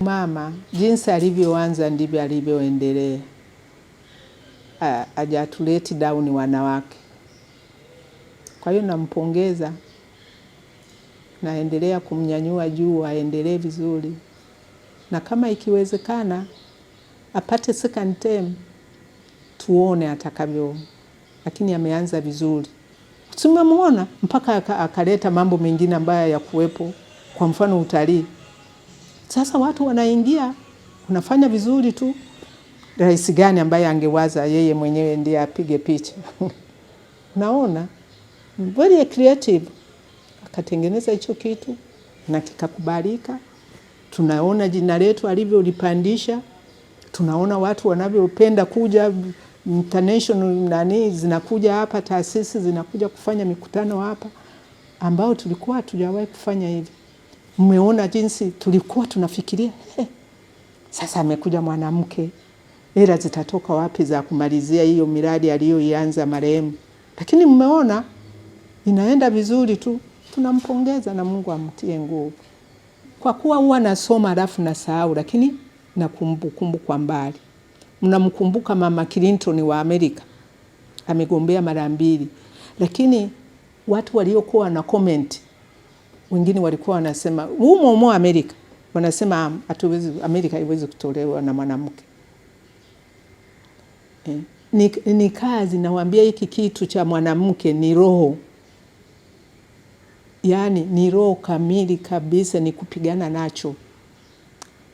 Mama, jinsi alivyoanza ndivyo alivyoendelea. ajatuleti dauni wanawake. Kwa hiyo nampongeza, naendelea kumnyanyua juu, aendelee vizuri, na kama ikiwezekana apate second term, tuone atakavyo, lakini ameanza vizuri. Tumemwona mpaka akaleta mambo mengine ambayo ya kuwepo, kwa mfano utalii. Sasa watu wanaingia, unafanya vizuri tu. Rais gani ambaye angewaza yeye mwenyewe ndiye apige picha? Naona very creative, akatengeneza hicho kitu na kikakubalika. Tunaona jina letu alivyolipandisha, tunaona watu wanavyopenda kuja international, nani zinakuja hapa, taasisi zinakuja kufanya mikutano hapa, ambao tulikuwa hatujawahi kufanya hivi. Mmeona jinsi tulikuwa tunafikiria he. Sasa amekuja mwanamke, hela zitatoka wapi za kumalizia hiyo miradi aliyoianza marehemu? Lakini mmeona inaenda vizuri tu, tunampongeza na Mungu amtie nguvu. Kwa kuwa huwa nasoma alafu nasahau, lakini nakumbukumbu kwa mbali. Mnamkumbuka Mama Clinton wa Amerika, amegombea mara mbili, lakini watu waliokuwa na komenti wengine walikuwa wanasema umo umo Amerika, wanasema hatuwezi, Amerika haiwezi kutolewa na mwanamke eh. Ni, ni kazi. Nawaambia hiki kitu cha mwanamke ni roho, yaani ni roho kamili kabisa, ni kupigana nacho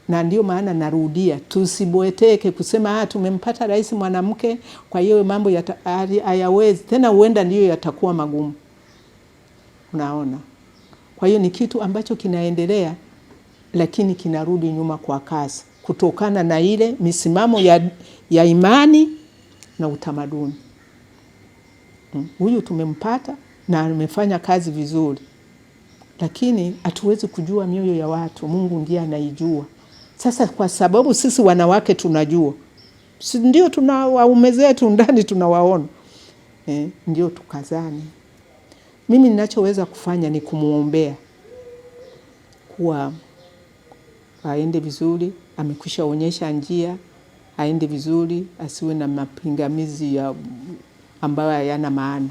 na ndio maana narudia, tusibweteke kusema ah, tumempata rais mwanamke, kwa hiyo mambo hayawezi tena. Huenda ndiyo yatakuwa magumu, unaona. Kwa hiyo ni kitu ambacho kinaendelea, lakini kinarudi nyuma kwa kasi kutokana na ile misimamo ya, ya imani na utamaduni. Mm, huyu hmm, tumempata na amefanya kazi vizuri, lakini hatuwezi kujua mioyo ya watu. Mungu ndiye anaijua. Sasa kwa sababu sisi wanawake tunajua, si ndio? Tuna waume zetu ndani tunawaona, eh, ndio tukazani mimi ninachoweza kufanya ni kumwombea kuwa aende vizuri, amekwisha onyesha njia, aende vizuri, asiwe na mapingamizi ya ambayo hayana maana.